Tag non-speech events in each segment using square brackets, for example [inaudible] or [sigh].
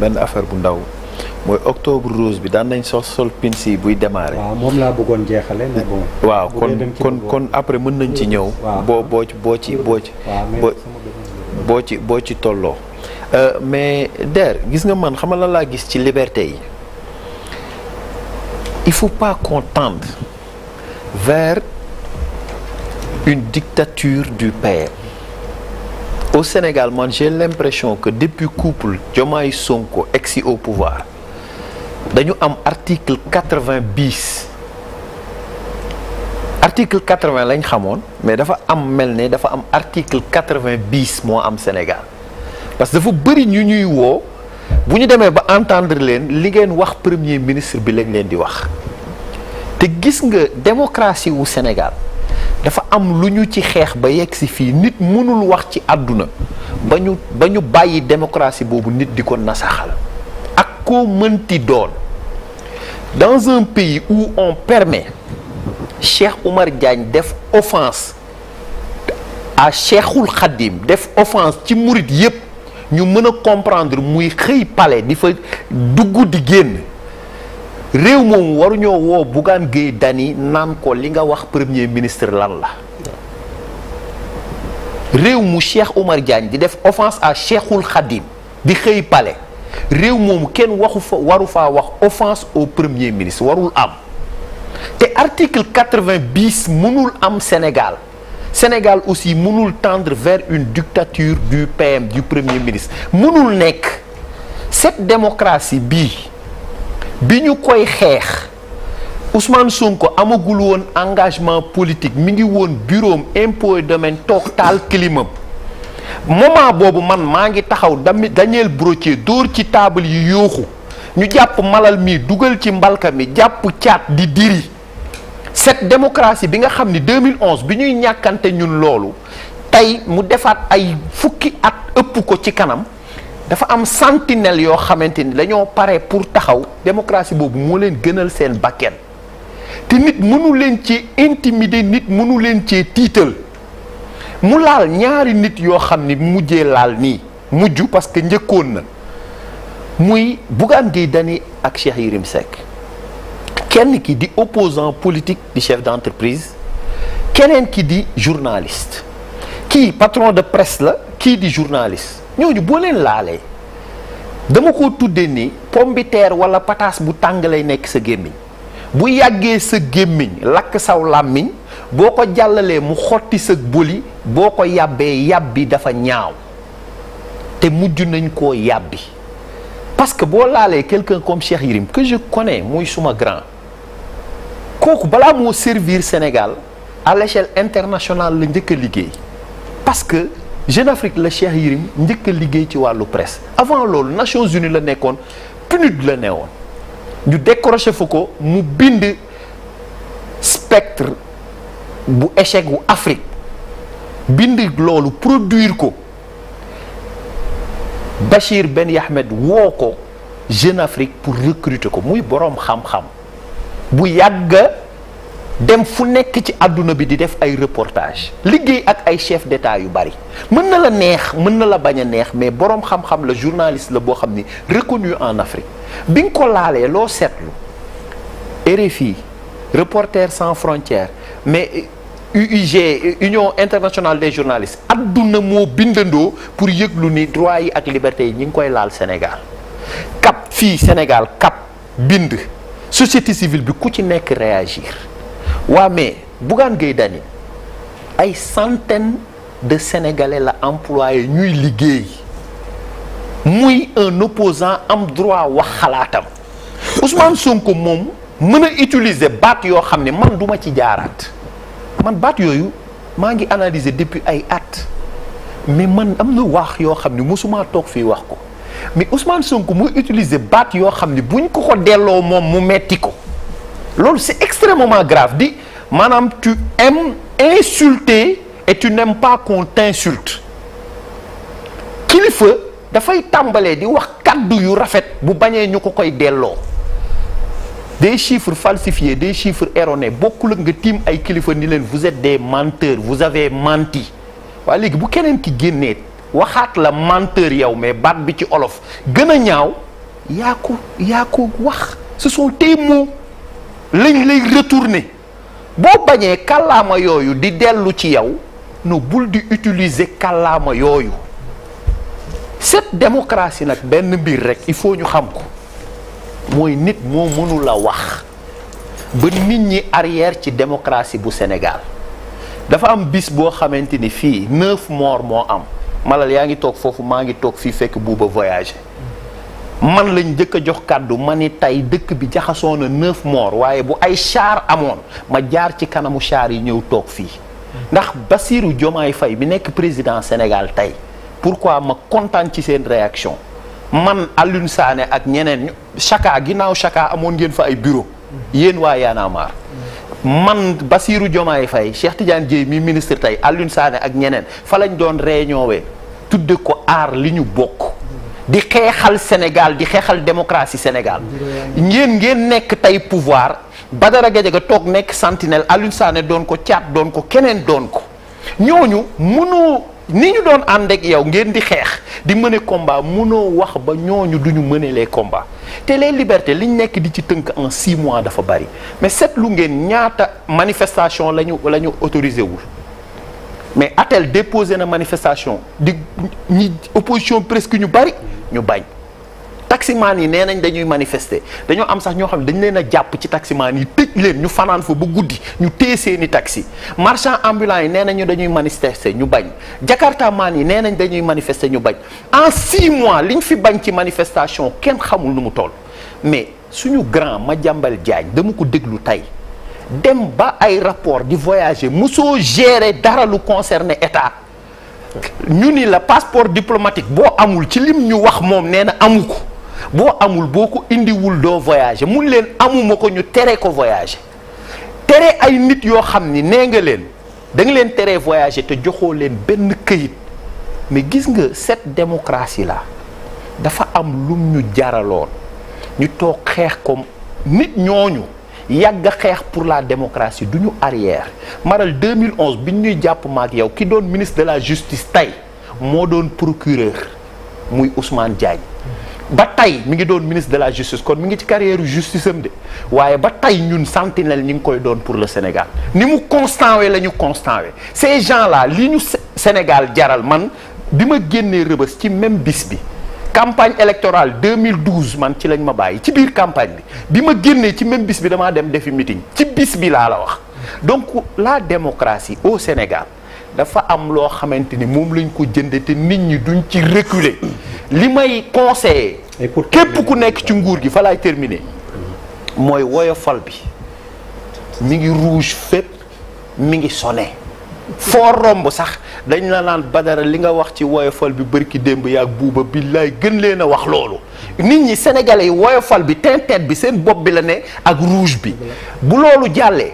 benn affaire bu ndaw mooy octobre rose bi daan nañ so sol pince yi buy démarrer. waaw moom laa bëggoon jeexale mais bon. waaw kon kon kon après mën nañ ci ñëw. boo boo ci boo ci boo ci. ci boo ci tolloo. Euh, mais Der gis nga man xamal la laa gis ci liberté yi il faut pas qu'on tende vers une dictature du père. au Sénégal man j'ai l'impression que depuis couple Diomaye Sonko ex au pouvoir dañu am article quatre-vingt bis article quatre-vingt lañ xamoon mais dafa am mel ne dafa am article quatre-vingt bis moo am Sénégal parce que dafa bëri ñu ñuy woo bu ñu demee ba entendre leen li ngeen wax premier ministre bi lañ leen di wax te gis nga démocratie wu Sénégal dafa am lu ñu ci xeex ba yegg si fii nit mënul wax ci àdduna ba ñu bàyyi démocratie boobu nit di ko nasaxal ak koo mënti doon dans un pays ou on permet Cheikh Oumar Diagne def offense à Cheikhul xaddim def offense ci murit yépp ñu mën a comprendre muy xëy palais di fa dugg di génn réew moomu waruñoo woo Bougane Gueye Dany naan ko li nga wax premier ministre lan la réew mu Cheikh Oumar Diagne di def offense à Cheikhul Khadim di xëy palais réew moomu kenn waxu fa waru fa wax offense au premier ministre warul am te article quatre-vingt bis mënul am Sénégal Sénégal aussi mënul tendre vers une dictature du PM du premier ministre mënul nekk cette démocratie bii bi ñu koy xeex Ousmane ko amagul woon engagement politique mi ngi woon buroom impôt domaine toog taal climam moment boobu man maa ngi taxaw dami danielle Brottier dóor ci taabal yi yuuxu ñu jàpp malal mi dugal ci mbalka mi jàpp caat di diri cette démocratie bi nga xam ni 2011 bi ñuy ñàkkante ñun loolu tey mu defaat ay fukki at ëpp ko ci kanam dafa am sentinelle yoo xamante ni dañoo pare pour taxaw démocratie boobu moo leen gënal seen bakken te nit mënu leen ci intimider nit mënu leen ci tiital mu laal ñaari nit yoo xam ni mujjee laal nii mujj parce que njëkkoon na muy Bougane Gueye Dany ak Cheikh Yérim Seck kenn ki di opposant politique di chef d'entreprise keneen ki di journaliste kii patron de presse la kii di journaliste ñooñu boo leen laalee dama ko tuddee ni pomme de wala pataas bu tàng lay nekk sa gémmiñ bu yàggee sa gémmiñ lakk saw làmmiñ boo ko jàllalee mu xotti sa boli boo ko yàbbee yàbbi dafa ñaaw te mujj nañ koo yàbbi parce que boo laalee quelqu'un comme Cheikh yirim que je connais muy suma grand kooku balaa moo servir Sénégal à l'échelle internationale la njëkk a liggéey parce que Jeune Afrique la Cheikh Yérim njëkk liggéey ci wàllu presse avant loolu Nations Unies la nekkoon PNUD la ne ñu décroché fa ko mu bind spectre bu échec wu Afrique bind loolu produire ko Bachir Ben Yahmed woo ko Jeune Afrique pour recruter ko muy boroom xam-xam bu yàgg. dem fu nekk ci àdduna bi di def ay reportage liggéey ak ay chef d'état yu bari mën na la neex mën na la bañ a neex mais boroom xam-xam la journaliste la boo xam ni reconnu en Afrique bi nga ko laalee loo seetlu RFI Reporters sans frontières mais UIG Union internationale des journalistes àdduna moo bindandoo pour yëglu ni droit yi ak liberté yi ñi ngi koy laal Sénégal CAP fii Sénégal CAP bind société civile bi ku ci nekk réagir waa mais Bougane Gueye Dany ay centaines de sénégalais la employé ñuy liggéey muy un opposant am droit wax xalaatam Ousmane Sonko moom mën a utiliser baat yoo xam ne man duma ci jaaraat man baat yooyu maa ngi analyser depuis ay at mais man am na wax yoo xam ne mosuma toog fii wax ko mais Ousmane Sonko muy utiliser baat yoo xam ne buñ ko ko delloo moom mu metti ko. loolu c'est extrêmement grave di maanaam tu aimes insulter et tu n'aimes pas qu'on t'insulte kilifa dafay tàmbalee di wax kaddu yu rafet bu bañee ñu ko koy delloo des chiffres falsifiés des chiffres erronés bokkul ak nga tiim ay kilifa ni leen vous êtes des menteurs vous avez menti waaye léegi bu keneen ki génnee waxaat la menteur yow mais baat bi ci olof gën a ñaaw yaa ko yaa ko wax ce sont tes mots lañ lay retourner boo bañee kàllaama yooyu di dellu ci yow no bul di utiliser kàllaama yooyu set démocratie nag benn mbir rek il faut ñu xam ko mooy nit moo mënula wax ba nit ñi arrière ci démocratie bu senegal dafa am bis boo xamante ni fii neuf morts moo am malal yaa ngi toog foofu maa ngi toog fii fekk buuba voyager man lañ njëkk a jox kàddu ma ni tey dëkk bi jaxasoo na neuf waaye bu ay char amoon ma jaar ci kanamu char yi ñëw toog fii ndax Bassirou Diomaye fay bi nekk président Sénégal tey pourquoi ma kontaan ci seen réaction man Alioune saane ak ñeneen Chaka ginnaaw Chaka amoon ngeen fa ay bureau yéen waa Y'en man Bassirou Diomaye Faye Cheikh Tidiane Dièye mi ministre tey Alioune saane ak ñeneen fa lañ doon réunion wee tudde ko aar li ñu bokk di xeexal Sénégal di xeexal démocratie Sénégal ngeen ngeen nekk tey pouvoir Badara Gadiaga toog nekk sentinelle Alioune Sané doon ko caat doon ko keneen doon ko ñooñu mënoo ni ñu doon ànd ak yow ngeen di xeex di mëne combat mënoo wax ba ñooñu du ñu les combats te les libertés liñ nekk di ci tënk un six mois dafa bari mais seetlu ngeen ñaata manifestation la ñu la ñu autorisé wul mais atel déposé na manifestation di ñi opposition presque ñu bari ñu bañ taximaan yi nee nañ dañuy manifester dañoo am sax ñoo xam ne dañ leen a jàpp ci taximaan yi tëj leen ñu fanaan fa ba guddi ñu téye seeni taxi marchand ambulant yi nee nañu dañuy manifester ñu bañ jakarta maan yi nee nañ dañuy manifester ñu bañ en six mois liñ fi bañ ci manifestation kenn xamul nu mu toll mais suñu grand Madiambal Diagne dama ko déglu tey dem ba ay rapport di voyager mosoo gérer dara lu concerné état ñu ni la passeport diplomatique boo amul ci lim ñu wax moom nee na amu ko boo amul boo ko indiwul doo voyager mun leen amuma ko ñu tere ko voyager tere ay nit yoo xam ni nee nga leen da leen tere voyager te joxoo leen benn kayit mais gis nga set démocratie là dafa am lum ñu jaraloon ñu toog xeex ko nit ñooñu yàgg xeex pour la démocratie du ñu arrière maral 2011 bi ñuy jàpp maak yow ki doon ministre de la justice tey moo doon procureur muy Ousmane Diagne ba tey mu ngi doon ministre de la justice kon mi ngi ci carrière justice am de waaye ba tey ñun sentinelle ñu ngi koy doon pour le Sénégal ni mu constant we la ñu constant we ces gens là li ñu Sénégal jaral man bi ma génnee rëbës ci même bis bi campagne électorale 2012 man ci lañ ma bàyyi ci biir campagne bi bi ma génnee ci même bis bi damaa dem defi meeting ci bis bi laa la wax donc la démocratie au Sénégal dafa am loo xamante ni moom lañ ko jënde te nit ñi duñ ci reculer li may conseiller képp ku nekk ci nguur gi fa laay terminer mooy woyofal bi mu ngi rouge fépp mi ngi sonné foo romb sax dañ la naan Badara li nga wax ci woyofal bi bërki démb yaag buuba billaay gën leen a wax loolu nit ñi sénégalais yi woyofal bi tintet bi seen bopp bi la ne ak rouge bi bu loolu jàllee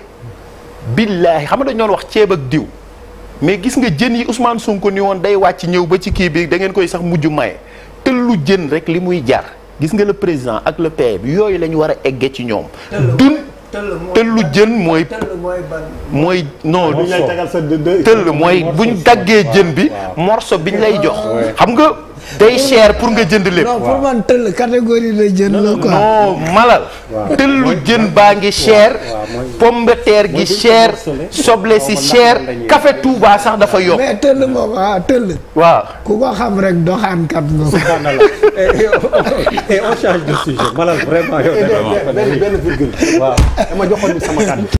billaay xam nga dañu doon wax ceeb ak diw mais gis nga jën yi Ousmane Sonko ni woon day wàcc ñëw ba ci kii bi da ngeen koy sax mujj maye tëllu jën rek li muy jar gis nga le président ak le e bi yooyu lañu war a eggee ci ñoom tëll jën mooy. mooy non. tëll mooy buñ daggee jën bi morso biñ lay jox xam nga. day cher pour nga jënd lépp. non la jën la malal. tëllu jën baa ngi cher. pomme de terre gi cher soble si cher café Touba sax dafa yokk. mais tëll moom ah tëll. ku ko xam rek doxaankat nga. subhanallah [laughs] et eh, eh, oh, oh. eh, on change de sujet malal vraiment yow. benn benn virgule waaw dama joxoon sama kàddu.